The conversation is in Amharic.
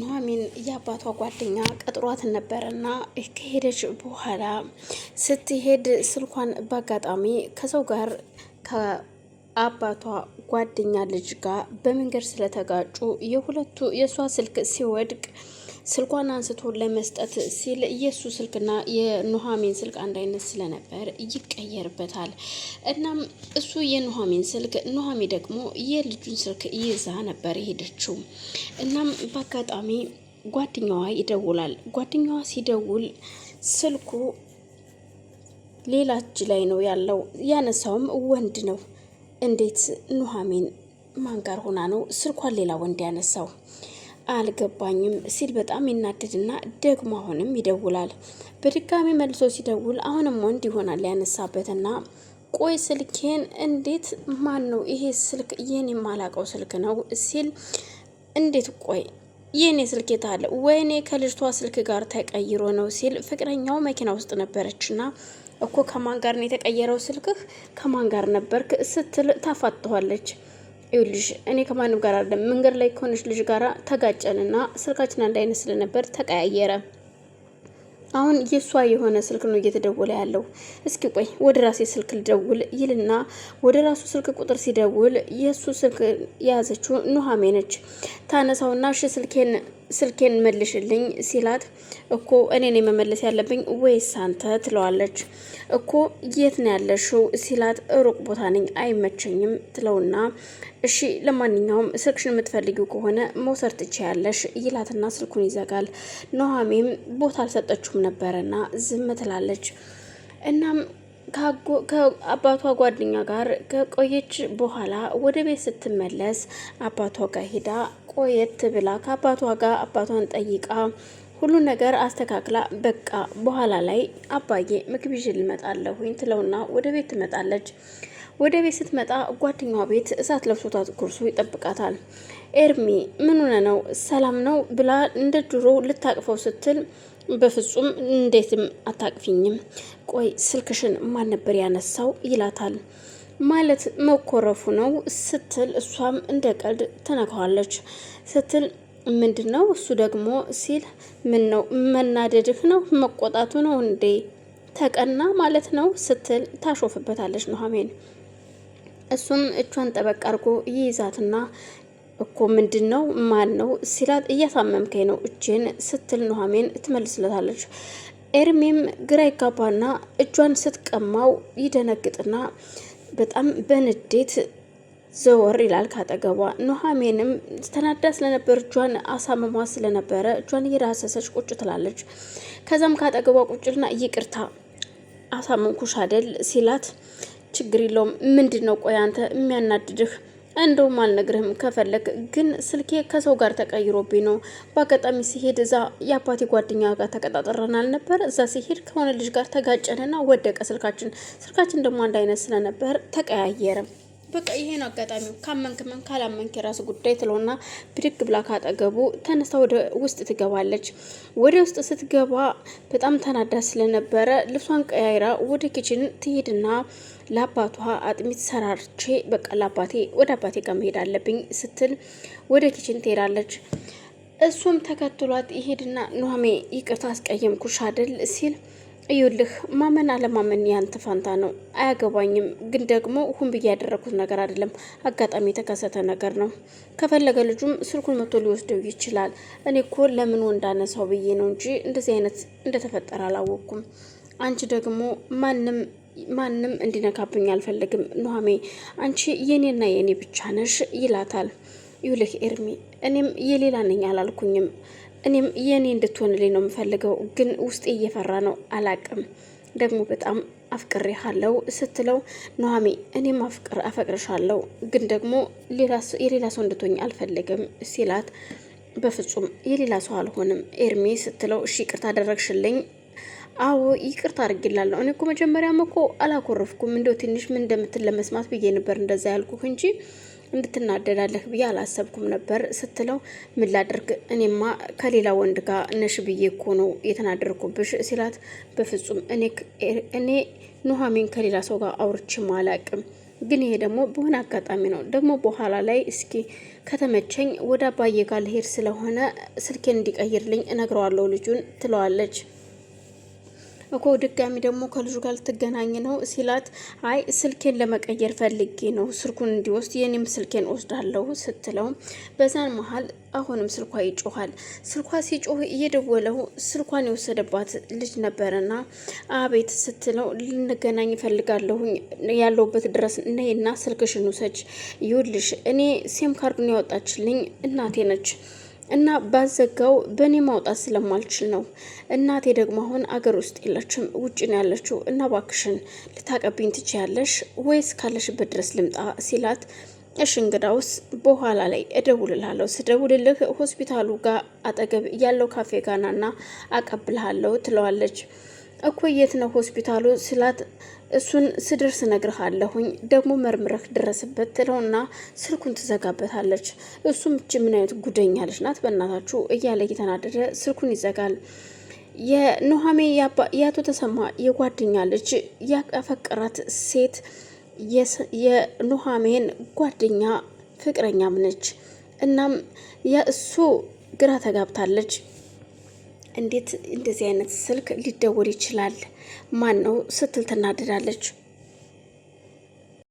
ኑሐሚን የአባቷ ጓደኛ ቀጥሯት ነበረና ከሄደች በኋላ ስትሄድ ስልኳን በአጋጣሚ ከሰው ጋር ከአባቷ ጓደኛ ልጅ ጋር በመንገድ ስለተጋጩ የሁለቱ የእሷ ስልክ ሲወድቅ ስልኳን አንስቶ ለመስጠት ሲል የእሱ ስልክና የኑሐሚን ስልክ አንድ አይነት ስለነበር ይቀየርበታል። እናም እሱ የኑሐሚን ስልክ፣ ኑሐሚ ደግሞ የልጁን ስልክ ይዛ ነበር የሄደችው። እናም በአጋጣሚ ጓደኛዋ ይደውላል። ጓደኛዋ ሲደውል ስልኩ ሌላ እጅ ላይ ነው ያለው። ያነሳውም ወንድ ነው። እንዴት ኑሐሚን ማን ጋር ሆና ነው ስልኳን ሌላ ወንድ ያነሳው? አልገባኝም ሲል በጣም ይናደድና ደግሞ አሁንም ይደውላል። በድጋሚ መልሶ ሲደውል አሁንም ወንድ ይሆናል ያነሳበትና ቆይ ስልኬን እንዴት ማን ነው ይሄ ስልክ ይህን የማላቀው ስልክ ነው ሲል እንዴት ቆይ የኔ ስልክ የታለ? ወይኔ ከልጅቷ ስልክ ጋር ተቀይሮ ነው ሲል ፍቅረኛው መኪና ውስጥ ነበረችና እኮ ከማን ጋር ነው የተቀየረው ስልክህ? ከማን ጋር ነበርክ ስትል ታፋትኋለች። ይኸውልሽ እኔ ከማንም ጋር አይደለም መንገድ ላይ ከሆነች ልጅ ጋር ተጋጨንና ስልካችን አንድ አይነት ስለነበር ተቀያየረ። አሁን የእሷ የሆነ ስልክ ነው እየተደወለ ያለው። እስኪ ቆይ ወደ ራሴ ስልክ ልደውል ይልና ወደ ራሱ ስልክ ቁጥር ሲደውል የእሱ ስልክ የያዘችው ኑሃሜ ነች። ታነሳውና ሽ ስልኬን ስልኬን መልሽልኝ ሲላት እኮ እኔን የመመለስ ያለብኝ ወይስ አንተ ትለዋለች። እኮ የት ነው ያለሽው ሲላት ሩቅ ቦታ ነኝ አይመቸኝም ትለውና እሺ ለማንኛውም ስልክሽን የምትፈልጊው ከሆነ መውሰድ ትችያለሽ ይላትና ስልኩን ይዘጋል። ኑሃሚንም ቦታ አልሰጠችውም ነበረና ዝም ትላለች። እናም ከአባቷ ጓደኛ ጋር ከቆየች በኋላ ወደ ቤት ስትመለስ አባቷ ጋር ሄዳ ቆየት ብላ ከአባቷ ጋር አባቷን ጠይቃ ሁሉን ነገር አስተካክላ በቃ በኋላ ላይ አባዬ ምግብ ይዤ ልመጣለሁኝ ትለውና ወደ ቤት ትመጣለች። ወደ ቤት ስትመጣ ጓደኛዋ ቤት እሳት ለብሶታት ኩርሱ ይጠብቃታል። ኤርሚ ምን ሆነ ነው ሰላም ነው ብላ እንደ ድሮ ልታቅፈው ስትል በፍጹም እንዴትም አታቅፊኝም፣ ቆይ ስልክሽን ማን ነበር ያነሳው ይላታል። ማለት መኮረፉ ነው ስትል እሷም እንደ ቀልድ ትነካዋለች። ስትል ምንድን ነው እሱ ደግሞ ሲል ምን ነው መናደድህ ነው መቆጣቱ ነው እንዴ ተቀና ማለት ነው ስትል ታሾፍበታለች ኑሐሚን። እሱም እጇን ጠበቅ አድርጎ ይይዛትና እኮ ምንድን ነው ማን ነው ሲላት እያሳመምከኝ ነው እጄን ስትል ኑሐሚን ትመልስለታለች። ኤርሚም ግራ ይጋባና እጇን ስትቀማው ይደነግጥና በጣም በንዴት ዘወር ይላል ካጠገቧ። ኑሐሚንም ተናዳ ስለነበር እጇን አሳምሟ ስለነበረ እጇን እየዳሰሰች ቁጭ ትላለች። ከዛም ካጠገቧ ቁጭልና ይቅርታ አሳምንኩሽ አደል ሲላት ችግር የለውም ምንድን ነው ቆይ አንተ የሚያናድድህ እንደውም አልነግርህም ከፈለግ ግን ስልኬ ከሰው ጋር ተቀይሮብኝ ነው። በአጋጣሚ ሲሄድ እዛ የአባቴ ጓደኛ ጋር ተቀጣጠረን ነበር። እዛ ሲሄድ ከሆነ ልጅ ጋር ተጋጨንና ወደቀ ስልካችን። ስልካችን ደግሞ አንድ አይነት ስለነበር ተቀያየርም። በቃ ይሄ ነው አጋጣሚው። ካመንክ መን ካላመንክ የራስ ጉዳይ ትለውና ብድግ ብላ ካጠገቡ ተነስታ ወደ ውስጥ ትገባለች። ወደ ውስጥ ስትገባ በጣም ተናዳ ስለነበረ ልብሷን ቀያይራ ወደ ኪችን ትሄድና ለአባቷ አጥሚት ሰራርቼ በቃ ለአባቴ ወደ አባቴ ጋር መሄድ አለብኝ ስትል ወደ ኪችን ትሄዳለች። እሱም ተከትሏት ይሄድና ኑሐሜ ይቅርታ አስቀየምኩሽ አይደል ሲል እዩልህ ማመን አለማመን ያንተ ፋንታ ነው። አያገባኝም፣ ግን ደግሞ ሁን ብዬ ያደረኩት ነገር አይደለም። አጋጣሚ የተከሰተ ነገር ነው። ከፈለገ ልጁም ስልኩን መቶ ሊወስደው ይችላል። እኔ እኮ ለምኑ እንዳነሳው ብዬ ነው እንጂ እንደዚህ አይነት እንደተፈጠረ አላወቅኩም። አንቺ ደግሞ ማንም ማንም እንዲነካብኝ አልፈልግም። ኑሐሜ አንቺ የኔና የኔ ብቻ ነሽ ይላታል። ይውልህ ኤርሚ እኔም የሌላ ነኝ አላልኩኝም እኔም የእኔ እንድትሆንልኝ ነው የምፈልገው፣ ግን ውስጤ እየፈራ ነው። አላቅም ደግሞ በጣም አፍቅሬሃለው ስትለው ኑሐሚ እኔም አፈቅርሻለው፣ ግን ደግሞ የሌላ ሰው እንድትሆኝ አልፈልግም ሲላት በፍጹም የሌላ ሰው አልሆንም ኤርሜ ስትለው እሺ ይቅርታ አደረግሽልኝ? አዎ ይቅርታ አድርጌላለሁ። እኔ እኮ መጀመሪያም እኮ አላኮረፍኩም፣ እንደው ትንሽ ምን እንደምትል ለመስማት ብዬ ነበር እንደዛ ያልኩህ እንጂ እንድትናደዳለህ ብዬ አላሰብኩም ነበር ስትለው ምን ላድርግ እኔማ ከሌላ ወንድ ጋር ነሽ ብዬ እኮ ነው የተናደርኩብሽ ሲላት በፍጹም እኔ ኑሐሚን ከሌላ ሰው ጋር አውርቼም አላቅም ግን ይሄ ደግሞ በሆነ አጋጣሚ ነው። ደግሞ በኋላ ላይ እስኪ ከተመቸኝ ወደ አባዬ ጋር ልሄድ ስለሆነ ስልኬን እንዲቀይርልኝ እነግረዋለሁ ልጁን ትለዋለች። እኮ ድጋሚ ደግሞ ከልጁ ጋር ልትገናኝ ነው ሲላት፣ አይ ስልኬን ለመቀየር ፈልጌ ነው ስልኩን እንዲወስድ የኔም ስልኬን ወስዳለሁ ስትለው፣ በዛን መሀል አሁንም ስልኳ ይጮኋል። ስልኳ ሲጮህ እየደወለው ስልኳን የወሰደባት ልጅ ነበረና አቤት ስትለው፣ ልንገናኝ ፈልጋለሁ ያለውበት ድረስ ነይና ስልክሽን ውሰጅ። ይውልሽ እኔ ሴም ካርዱን ያወጣችልኝ እናቴ ነች እና ባዘጋው በእኔ ማውጣት ስለማልችል ነው። እናቴ ደግሞ አሁን አገር ውስጥ የለችም፣ ውጭ ነው ያለችው እና ባክሽን ልታቀብኝ ትችያለሽ ወይስ ካለሽበት ድረስ ልምጣ ሲላት እሽ እንግዳውስ በኋላ ላይ እደውልልሃለሁ፣ ስደውልልህ ሆስፒታሉ ጋር አጠገብ ያለው ካፌ ጋናና አቀብልሃለሁ ትለዋለች። እኮ የት ነው ሆስፒታሉ ስላት እሱን ስደርስ ነግርሃለሁኝ ደግሞ መርምረክ ድረስበት ትለውና ስልኩን ትዘጋበታለች። እሱም እች ምን አይነት ጉደኛለች ናት በእናታችሁ እያለ እየተናደደ ስልኩን ይዘጋል። የኖሃሜ የአቶ ተሰማ የጓደኛ ልጅ ያፈቀራት ሴት የኖሃሜን ጓደኛ ፍቅረኛም ነች። እናም የእሱ ግራ ተጋብታለች። እንዴት እንደዚህ አይነት ስልክ ሊደወል ይችላል? ማን ነው ስትል ትናደዳለች።